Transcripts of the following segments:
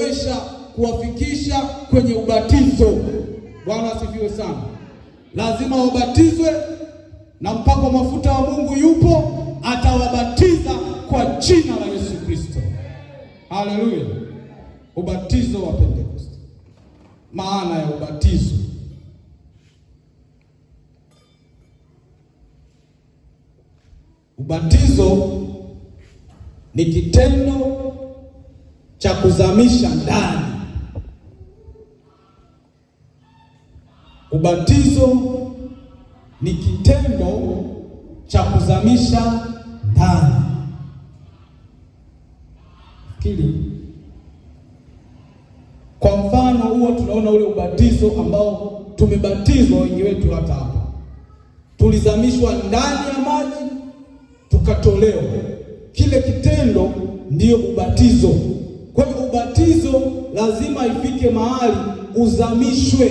kuwawezesha kuwafikisha kwenye ubatizo. Bwana asifiwe sana. Lazima wabatizwe na mpako mafuta wa Mungu yupo, atawabatiza kwa jina la Yesu Kristo. Haleluya! Ubatizo wa Pentekoste, maana ya ubatizo Ubatizo ni kitendo cha kuzamisha ndani. Ubatizo ni kitendo cha kuzamisha ndani. Fikiri kwa mfano huo, tunaona ule ubatizo ambao tumebatizwa wengi wetu hata hapa, tulizamishwa ndani ya maji tukatolewa. Kile kitendo ndiyo ubatizo ubatizo lazima ifike mahali uzamishwe,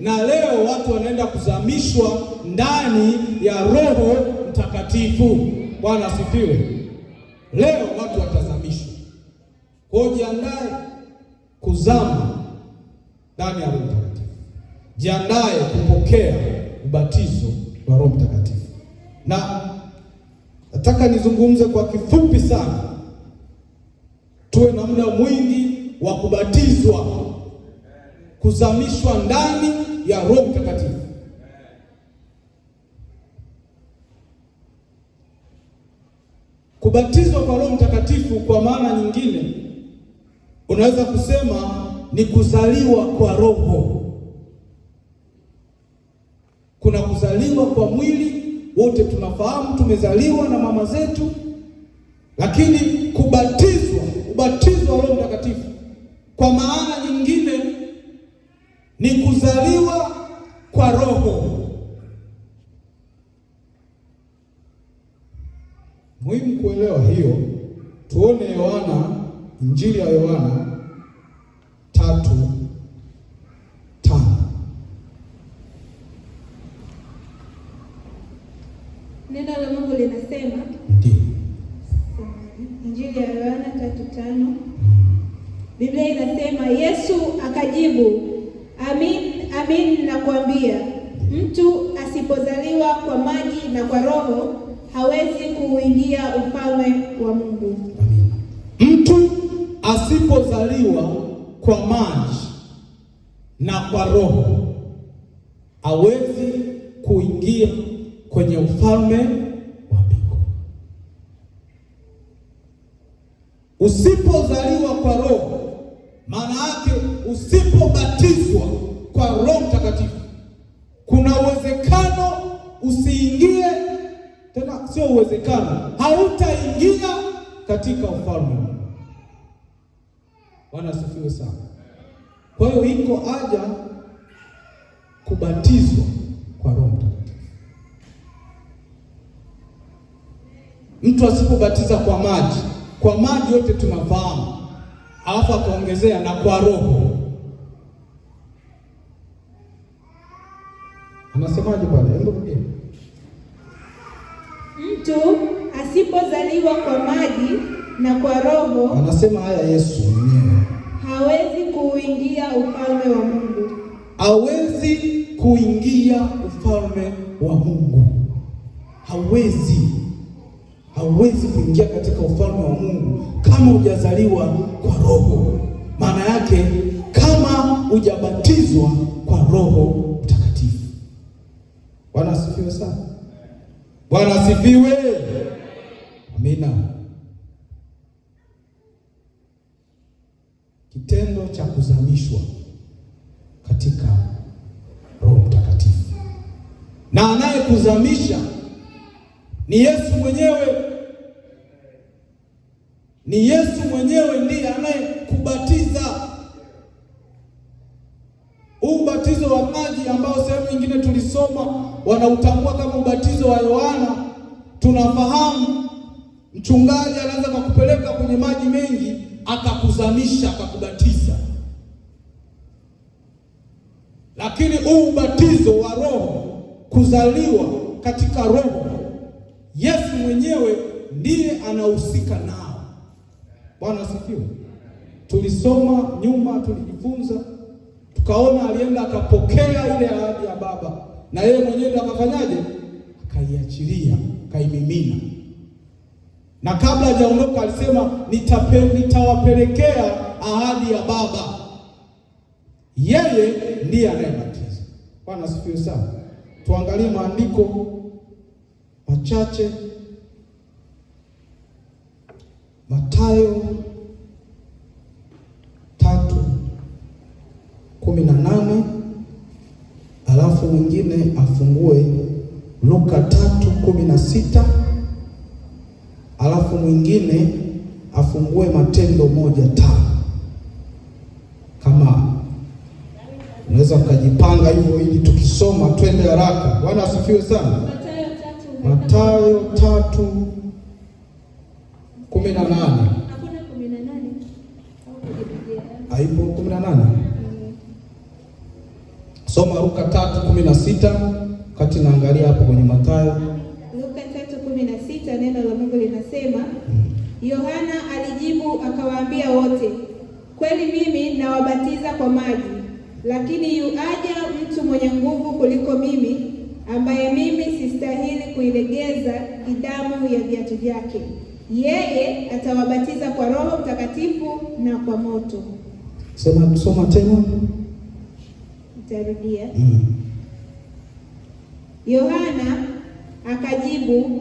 na leo watu wanaenda kuzamishwa ndani ya Roho Mtakatifu. Bwana asifiwe. Leo watu watazamishwa. Kwa jiandae kuzama ndani ya Roho Mtakatifu, jiandae kupokea ubatizo wa Roho Mtakatifu, na nataka nizungumze kwa kifupi sana tuwe na muda mwingi wa kubatizwa, kuzamishwa ndani ya Roho Mtakatifu. Kubatizwa kwa Roho Mtakatifu kwa maana nyingine unaweza kusema ni kuzaliwa kwa Roho. Kuna kuzaliwa kwa mwili, wote tunafahamu tumezaliwa na mama zetu, lakini kubatizwa kwa maana nyingine ni kuzaliwa kwa roho. Muhimu kuelewa hiyo. Tuone Yohana, Injili ya Yohana alipozaliwa kwa maji na kwa roho hawezi kuingia kwenye ufalme wa mbinguni. Usipozaliwa kwa roho, maana yake usipobatizwa kwa Roho Mtakatifu, kuna uwezekano usiingie tena, sio uwezekano, hautaingia katika ufalme Bwana asifiwe sana. Kwa hiyo iko haja kubatizwa kwa Roho Mtakatifu. Mtu asipobatiza kwa maji, kwa maji yote tunafahamu, alafu akaongezea na kwa Roho anasemaje pale? Mtu asipozaliwa kwa maji na kwa Roho, anasema haya Yesu mwenyewe kuingia ufalme wa Mungu, hawezi kuingia ufalme wa Mungu, hawezi hawezi kuingia katika ufalme wa Mungu kama hujazaliwa kwa Roho. Maana yake kama hujabatizwa kwa Roho Mtakatifu. Bwana asifiwe sana. Bwana asifiwe. Amina. cha kuzamishwa katika Roho Mtakatifu, na anayekuzamisha ni Yesu mwenyewe. Ni Yesu mwenyewe ndiye anayekubatiza huu ubatizo wa maji ambao sehemu nyingine tulisoma wanautambua kama ubatizo wa Yohana. Tunafahamu mchungaji anaanza kukupeleka kupeleka kwenye maji mengi, akakuzamisha, akakubatiza. Lakini huu ubatizo wa Roho, kuzaliwa katika Roho, Yesu mwenyewe ndiye anahusika nao. Bwana asifiwe. Tulisoma nyuma, tulijifunza, tukaona alienda akapokea ile ahadi ya Baba, na yeye mwenyewe ndiye akafanyaje? Akaiachilia, akaimimina. Na kabla hajaondoka alisema nitawapelekea ahadi ya Baba. Yeye ndiye anayebatiza. Bwana asifiwe sana. Tuangalie maandiko machache. Mathayo tatu kumi na nane alafu mwingine afungue Luka tatu kumi na sita alafu mwingine afungue Matendo moja tano. unaweza ukajipanga hivyo ili tukisoma twende haraka. Bwana asifiwe sana. Mathayo tatu kumi na nane aipo kumi na nane soma Luka tatu kumi na sita kati naangalia hapo kwenye Mathayo. Luka tatu kumi na sita neno la Mungu linasema hmm. Yohana alijibu akawaambia wote, kweli mimi nawabatiza kwa maji lakini yuaja mtu mwenye nguvu kuliko mimi, ambaye mimi sistahili kuilegeza kidamu ya viatu vyake. Yeye atawabatiza kwa Roho Mtakatifu na kwa moto. Sema, msoma tena, nitarudia. Mm. Yohana akajibu,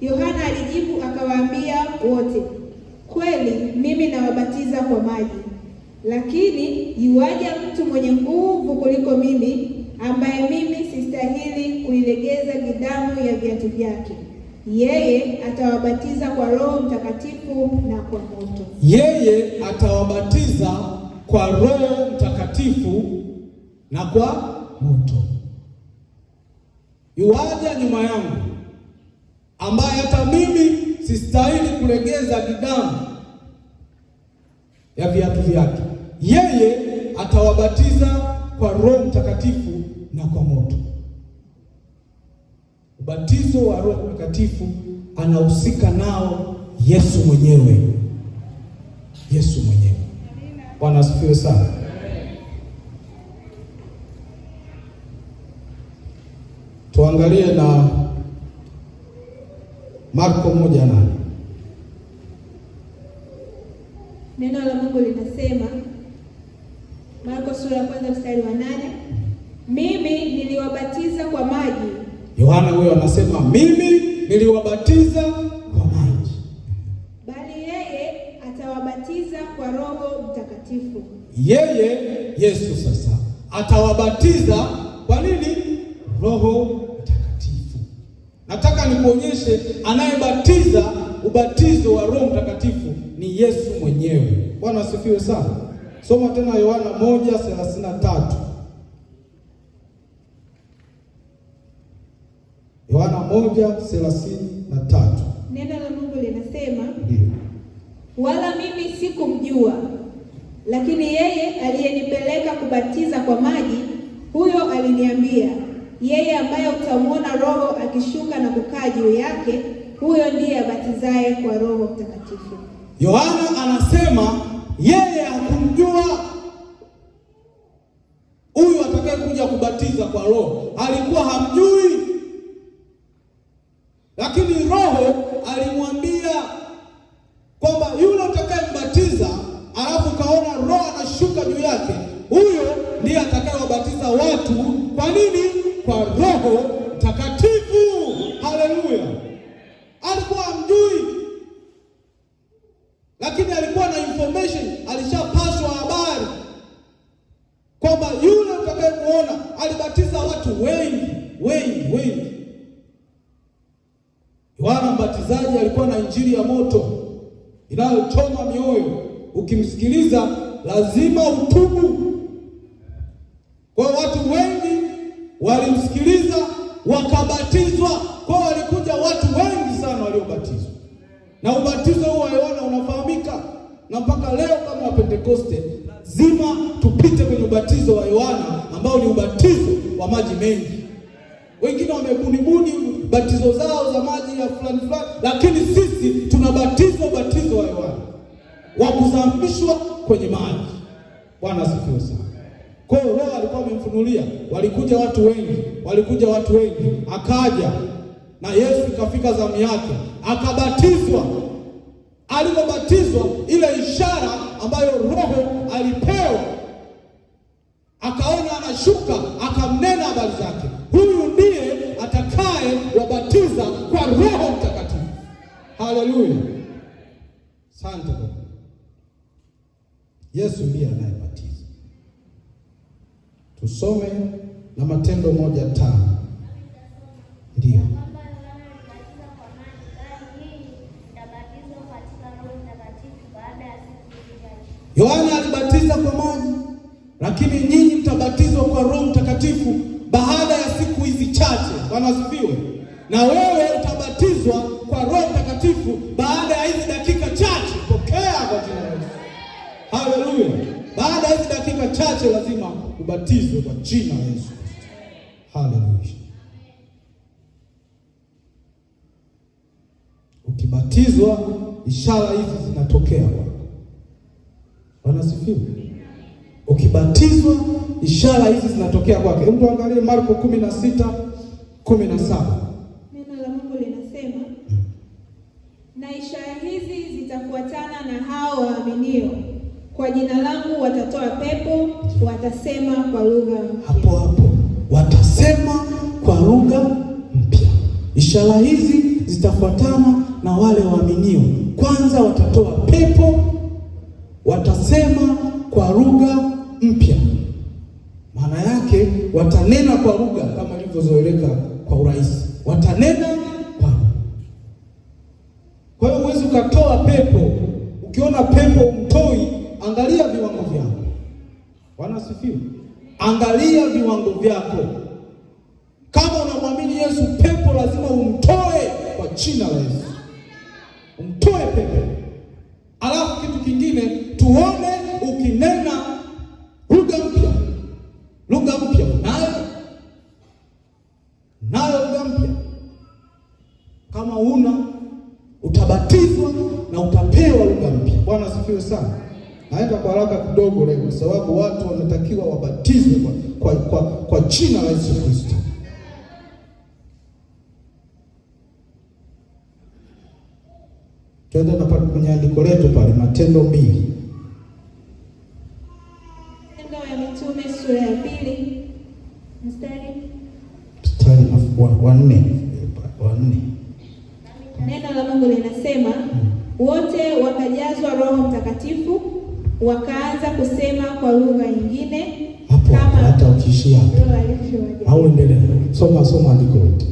Yohana alijibu akawaambia wote, kweli mimi nawabatiza kwa maji lakini iwaja mtu mwenye nguvu kuliko mimi, ambaye mimi sistahili kuilegeza gidamu ya viatu vyake, yeye atawabatiza kwa Roho Mtakatifu na kwa moto. Yeye atawabatiza kwa Roho Mtakatifu na kwa moto. Iwaja nyuma yangu, ambaye hata mimi sistahili kulegeza gidamu ya viatu vyake yeye atawabatiza kwa Roho Mtakatifu na kwa moto. Ubatizo wa Roho Mtakatifu anahusika nao Yesu mwenyewe. Yesu mwenyewe. Bwana asifiwe sana. Tuangalie na Marko moja na akawabatiza kwa nini? Roho Mtakatifu. Nataka nikuonyeshe anayebatiza ubatizo wa Roho Mtakatifu ni Yesu mwenyewe. Bwana asifiwe sana. Soma tena Yohana 1:33. Yohana 1:33. Neno la Mungu linasema, Wala mimi sikumjua lakini yeye aliyenipeleka kubatiza kwa maji, huyo aliniambia, yeye ambaye utamwona Roho akishuka na kukaa juu yake, huyo ndiye abatizaye kwa Roho Mtakatifu. Yohana anasema yeye hakumjua huyu atakayekuja kubatiza kwa Roho, alikuwa hamjui, lakini Roho alimwambia roho anashuka juu yake, huyo ndiye atakayewabatiza watu. Kwa nini? Kwa Roho Mtakatifu. Haleluya! alikuwa amjui, lakini alikuwa na information, alishapaswa habari kwamba yule mtakayemuona alibatiza watu wengi wengi wengi. Yohana Mbatizaji alikuwa na injili ya moto inayochoma mioyo, ukimsikiliza lazima utubu. Kwa watu wengi walimsikiliza wakabatizwa, kwa walikuja watu wengi sana waliobatizwa, na ubatizo huo waliona unafahamika, na mpaka leo kama Wapentekoste zima tupite kwenye ubatizo wa Yohana ambao ni ubatizo wa maji mengi. Wengine wamebunibuni batizo zao za maji ya fulani fulani, lakini sisi tunabatizwa ubatizo wa Yohana wa kuzamishwa kwenye maji. Bwana asifiwe sana. Kwa hiyo Roho alikuwa amemfunulia, walikuja watu wengi, walikuja watu wengi, akaja na Yesu ikafika zamu yake, akabatizwa. Alipobatizwa, ile ishara ambayo Roho alipewa, akaona anashuka, akamnena habari zake, huyu ndiye atakaye wabatiza kwa Roho Mtakatifu. Haleluya, asante. Yesu ndiye anayebatiza. Tusome na Matendo moja tano. ndio Yohana alibatiza kwa maji, lakini nyinyi mtabatizwa kwa Roho Mtakatifu baada ya siku hizi chache. Bwana asifiwe. Na wewe utabatizwa kwa Roho Mtakatifu baada ya hizi dakika chache lazima ubatizwe kwa jina la Yesu. Haleluya! Ukibatizwa ishara hizi zinatokea. Bwana sifiwe. Ukibatizwa ishara hizi zinatokea kwake. Hebu tuangalie Marko 16 17. Neno la Mungu linasema na ishara hizi zitafuatana na hao waaminio kwa jina langu watatoa pepo, watasema kwa lugha. Hapo hapo watasema kwa lugha mpya. Ishara hizi zitafuatana na wale waaminio. Kwanza watatoa pepo, watasema kwa lugha mpya. Maana yake watanena kwa lugha kama ilivyozoeleka kwa urahisi, watanena kwa lugha. Kwa hiyo huwezi ukatoa pepo ukiona pepo Angalia viwango vyako. Bwana asifiwe. Angalia viwango vyako. Kama unamwamini Yesu, pepo lazima umtoe kwa jina la Yesu, umtoe pepo. Alafu kitu kingine, tuone ukinena lugha mpya. Lugha mpya unayo? Nayo lugha mpya? Kama una utabatizwa na utapewa lugha mpya. Bwana asifiwe sana naenda kwa haraka kidogo leo, kwa sababu watu wanatakiwa wabatizwe kwa, kwa, kwa, kwa jina la Yesu Kristo. Twende na pale kwenye andiko letu pale Matendo mbili sura ya pili mstari mstari wa nne wa nne neno la Mungu linasema hmm. wote wakajazwa Roho Mtakatifu wakaanza kusema kwa lugha nyingine kama hata ukishia au endelea soma soma andiko lote.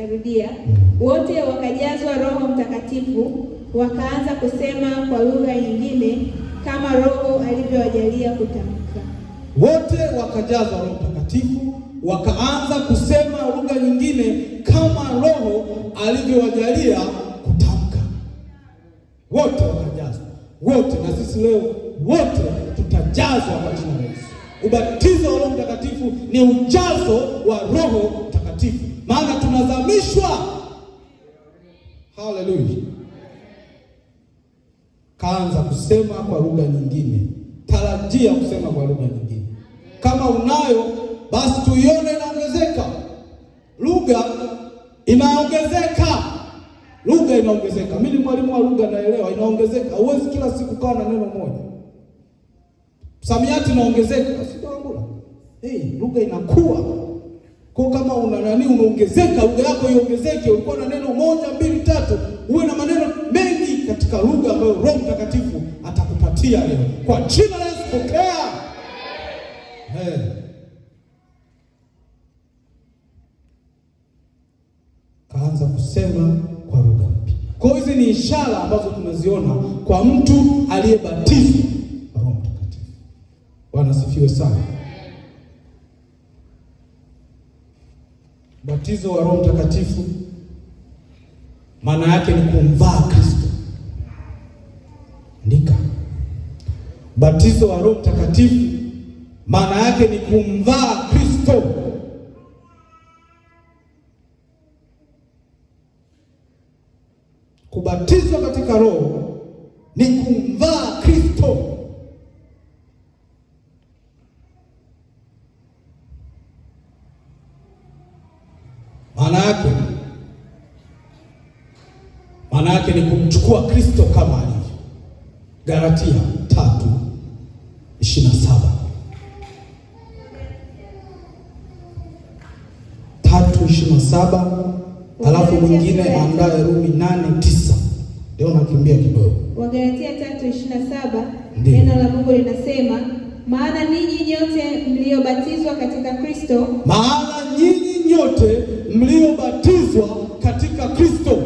Narudia, mm. wote wakajazwa Roho Mtakatifu wakaanza kusema kwa lugha nyingine kama Roho alivyowajalia kutamka. Wote wakajazwa Roho Mtakatifu wakaanza kusema lugha nyingine kama Roho alivyowajalia kutamka wote wote na sisi leo wote tutajazwa jina la Yesu. Ubatizo wa Roho Mtakatifu ni ujazo wa Roho Mtakatifu, maana tunazamishwa. Haleluya! Kaanza kusema kwa lugha nyingine, tarajia kusema kwa lugha nyingine. Kama unayo basi, tuione inaongezeka. Lugha inaongezeka. Lugha inaongezeka. Mimi ni mwalimu wa lugha, naelewa inaongezeka. Huwezi kila siku kawa na neno moja. Msamiati inaongezeka, sitaangula. Eh, lugha inakuwa. Kwa kama una nani unaongezeka, lugha yako iongezeke, ulikuwa na neno moja, mbili, tatu, uwe na maneno mengi katika lugha ambayo Roho Mtakatifu atakupatia leo. Kwa jina la Yesu pokea. Hey. Kaanza kusema ishara ambazo tunaziona kwa mtu aliyebatizwa na Roho Mtakatifu. Bwana sifiwe sana. Batizo wa Roho Mtakatifu maana yake ni kumvaa Kristo. Andika, Batizo wa Roho Mtakatifu maana yake ni kumvaa Maana yake maana yake ni kumchukua Kristo kama alivyo. Galatia tatu ishirini na saba tatu ishirini na saba Alafu mwingine andaye Rumi nane tisa Leo nakimbia kidogo. Wagalatia 3:27 neno la Mungu linasema, maana ninyi nyote mliobatizwa katika Kristo, maana ninyi mliobatizwa katika Kristo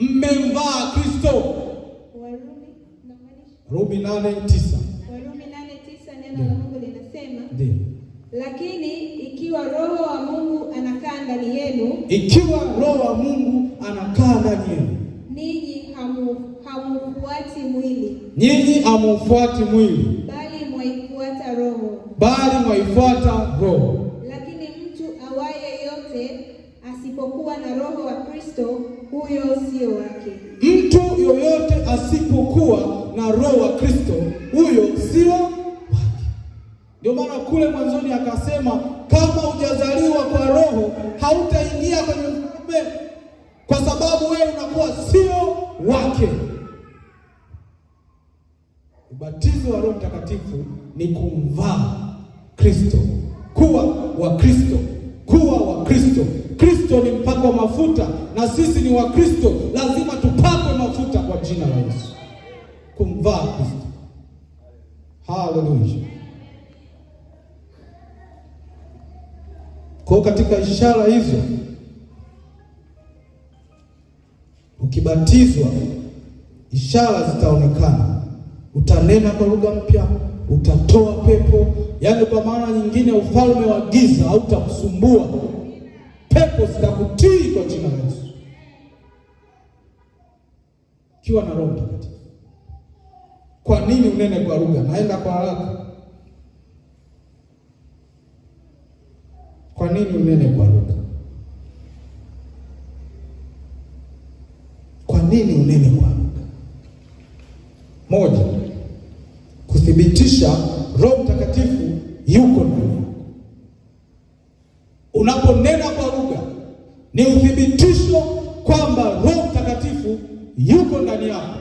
mmemvaa Kristo. Warumi 8:9 Warumi nane neno la Mungu linasema lakini ikiwa Roho wa Mungu anakaa ndani yenu, ikiwa Roho wa Mungu anakaa ndani yenu, ninyi hamufuati mwili, ninyi hamufuati mwili, bali mwaifuata Roho, bali mwaifuata Roho. huyo sio wake. Mtu yoyote asipokuwa na roho wa Kristo, huyo sio wake. Ndio maana kule mwanzoni akasema kama hujazaliwa kwa roho hautaingia kwenye ufalme, kwa sababu wewe unakuwa sio wake. Ubatizo wa Roho Mtakatifu ni kumvaa Kristo, kuwa wa Kristo, kuwa wa Kristo. Kristo ni kwa mafuta, na sisi ni Wakristo, lazima tupakwe mafuta kwa jina la Yesu, kumvaa Kristo. Haleluya! Kwa katika ishara hizo ukibatizwa, ishara zitaonekana, utanena kwa lugha mpya, utatoa pepo, yaani kwa maana nyingine ufalme wa giza hautakusumbua kutii kwa jina la Yesu, Kiwa na Roho Mtakatifu. Kwa nini unene kwa lugha? Naenda kwa haraka. Kwa nini unene kwa lugha? Kwa nini unene kwa lugha? Moja, kuthibitisha Roho Mtakatifu yuko ndani. Unaponena kwa lugha ni uthibitisho kwamba Roho Mtakatifu yuko ndani yako.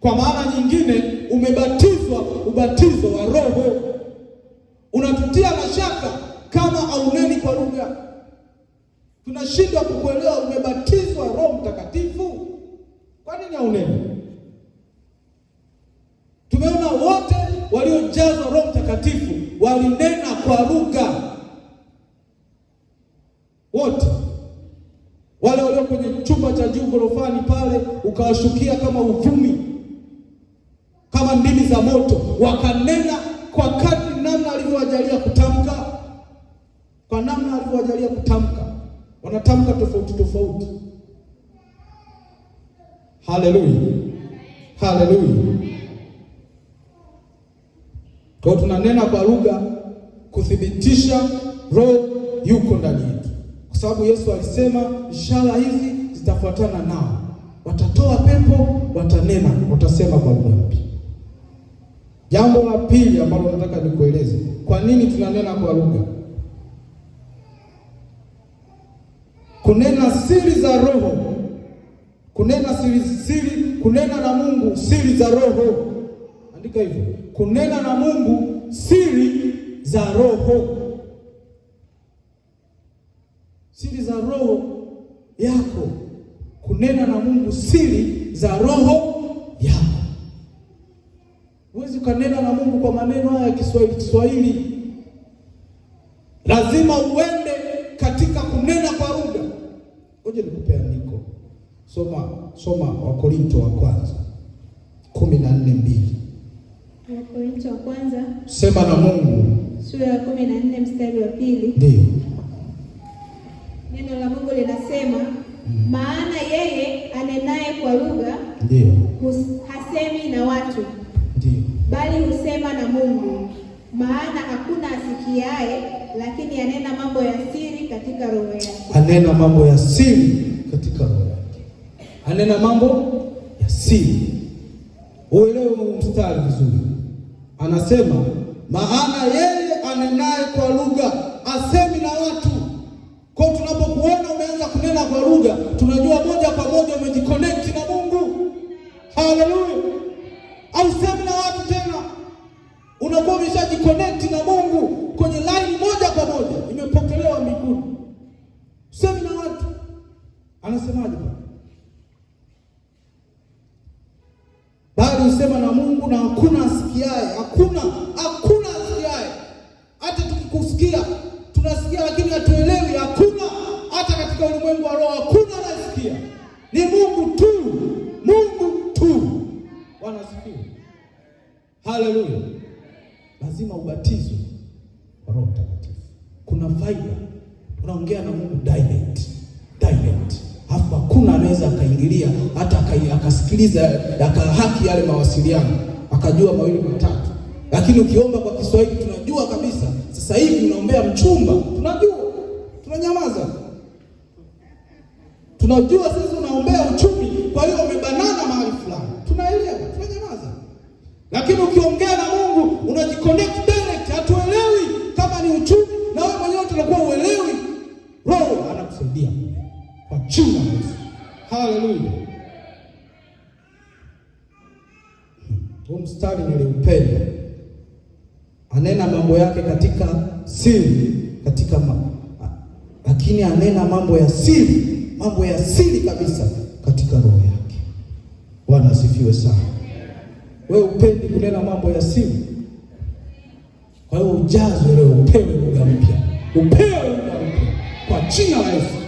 Kwa maana nyingine, umebatizwa ubatizo wa Roho. Unatutia mashaka kama auneni kwa lugha, tunashindwa kukuelewa. Umebatizwa Roho Mtakatifu, kwa nini auneni? Tumeona wote waliojazwa Roho Mtakatifu walinena kwa lugha wote wale walio kwenye chumba cha juu gorofani pale, ukawashukia kama uvumi, kama ndimi za moto, wakanena kwa kadri namna alivyowajalia kutamka, kwa namna alivyowajalia kutamka, wanatamka tofauti tofauti. Haleluya, haleluya. Kwa tunanena kwa lugha kuthibitisha Roho yuko ndani yetu sababu Yesu alisema ishara hizi zitafuatana nao, watatoa pepo, watanena, watasema kwa lugha mpya. Jambo la pili ambalo nataka nikueleze, kwa nini tunanena kwa lugha? Kunena siri za Roho, kunena siri, siri, kunena na Mungu siri za Roho. Andika hivyo, kunena na Mungu siri za Roho. yako, kunena na Mungu siri za roho yako. Huwezi ukanena na Mungu kwa maneno haya ya Kiswahili Kiswahili, lazima uende katika kunena kwa lugha. Ngoja nikupe andiko, soma soma Wakorinto wa kwanza kumi na nne mbili. Wakorinto wa kwanza, sema na Mungu, sura ya kumi na nne mstari wa pili. Ndio. Mungu linasema mm-hmm. maana yeye anenaye kwa lugha ndio hasemi na watu ndio, bali husema na Mungu, maana hakuna asikiaye, lakini anena mambo ya siri katika roho yake. Anena mambo ya siri katika roho yake, anena mambo ya siri. Uelewe mstari vizuri, anasema maana yeye anenaye kwa lugha asemi na watu kwa kunena kwa lugha, tunajua moja kwa moja umejiconnect na Mungu. Haleluya! au sema na watu tena, unakuwa umeshajiconnect na Mungu kwenye line moja kwa moja, imepokelewa mbinguni. Sema na watu, anasemaje? Bali usema na Mungu na hakuna asikiaye, hakuna hakuna asikiaye. Hata tukikusikia tunasikia, lakini hatuelewi. Hakuna katika ulimwengu wa roho hakuna anasikia, ni Mungu tu, Mungu tu. Bwana asifiwe, haleluya. Lazima ubatizwe Roho Mtakatifu, kuna faida. Unaongea na Mungu direct direct, hapo hakuna anaweza akaingilia hata akasikiliza akahaki yale mawasiliano akajua mawili matatu, lakini ukiomba kwa Kiswahili tunajua kabisa. Sasa hivi unaombea mchumba, tunajua tunanyamaza Tunajua sisi unaombea uchumi, kwa hiyo umebanana mahali fulani, tunaelewa, tunanyamaza. Lakini ukiongea na Mungu unajiconnect direct. Hatuelewi kama ni uchumi, na wewe mwenyewe tunakuwa uelewi, Roho anakusaidia kwa jina la Yesu. Haleluya! Huu mstari niliupenda, anena mambo yake katika siri, katika ma, lakini anena mambo ya siri mambo ya asili kabisa katika roho yake. Bwana asifiwe sana. Wewe upendi kunena mambo ya siri, kwa hiyo ujazwe leo, upewe lugha mpya, upewe lugha mpya kwa jina la Yesu.